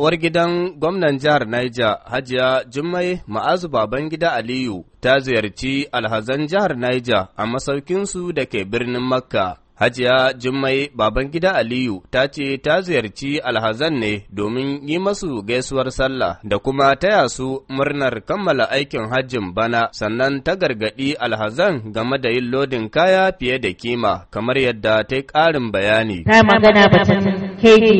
Uwar gidan gwamnan jihar Niger, Hajiya Jummai Ma'azu Babangida Aliyu, ta ziyarci alhazan jihar Niger a masaukinsu da ke birnin Makka. Hajiya Jummai Babangida Aliyu ta ce ta ziyarci alhazan ne domin yi masu gaisuwar sallah da kuma taya su murnar kammala aikin hajjin bana sannan ta gargaɗi alhazan game da yin lodin kaya fiye da kima kamar yadda ta yi ƙarin bayani. Ta magana batun keji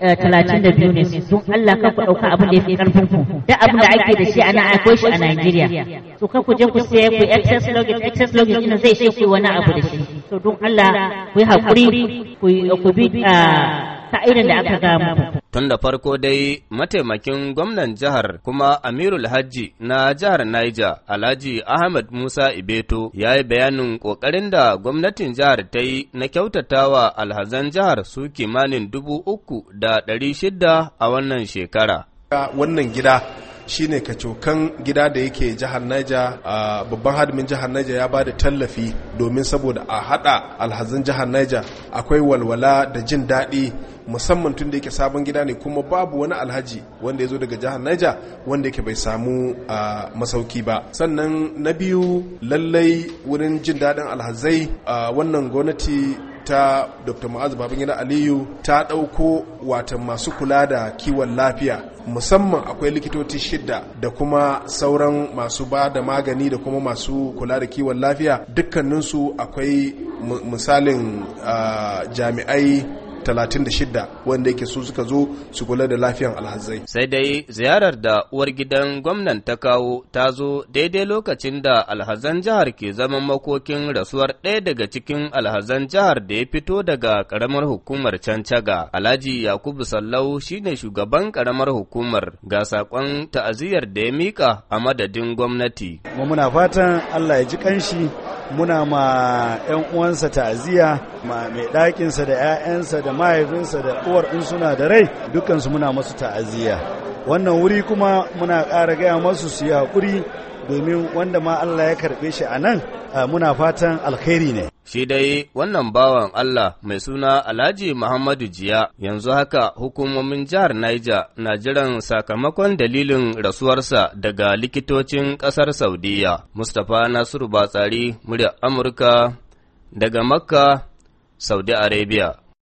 eh, talatin da biyu ne sun Allah kan ku ɗauka abin da ya fi ƙarfin ku da abin da ake da shi a nan shi a Najeriya. To kan ku je ku sai ku excess login excess ina zai shi ku wani abu da shi. so don Allah ku yi haƙuri ku bi ah, da aka ga muku. Tun da farko dai mataimakin gwamnan jihar kuma Amirul Hajji na jihar Niger Alhaji Ahmad Musa Ibeto ya yi bayanin ƙoƙarin da gwamnatin jihar ta yi na kyautatawa alhazan jihar su kimanin dubu uku da ɗari shida a wannan shekara. Wannan gida shine kacokan gida da yake jihar Niger babban hadimin jihar Niger ya ba da tallafi domin saboda a hada alhazin jihar Niger akwai walwala da jin daɗi musamman tun da yake sabon gida ne kuma babu wani alhaji wanda ya zo daga jihar Niger wanda yake bai samu masauki ba sannan na biyu lallai wurin jin daɗin alhazai wannan gwamnati ta dr ma'azu babangida aliyu ta ɗauko watan masu kula da kiwon lafiya musamman akwai likitoci shidda da kuma sauran masu ba da magani da kuma masu kula da kiwon lafiya dukkaninsu akwai misalin ah, jami'ai 36 wanda yake su suka zo su kula da lafiyan alhazai. Sai dai ziyarar da uwar gidan gwamnan ta kawo ta zo daidai lokacin da alhazan jihar ke zaman makokin rasuwar ɗaya daga cikin alhazan jihar da ya fito daga ƙaramar hukumar Cancaga. Alhaji Yakubu Sallau shine shugaban ƙaramar hukumar ga saƙon ta'aziyar da ya mika a madadin gwamnati. Muna fatan Allah ya ji kanshi muna ma 'yan uwansa ta'aziyya ma mai ɗakinsa da 'ya'yansa da mahaifinsa da uwar in suna da rai dukansu muna masu ta'aziyya wannan wuri kuma muna ƙara gaya masu su yi haƙuri domin wanda ma Allah ya karɓe shi a nan Ah, muna fatan alkhairi ne. Shi dai wannan bawan Allah mai suna Alhaji Muhammadu Jiya yanzu haka hukumomin jihar Niger na jiran sakamakon dalilin rasuwarsa daga likitocin ƙasar Saudiya. Mustapha Nasiru Batsari, muryar Amurka daga Makka, Saudi Arabia.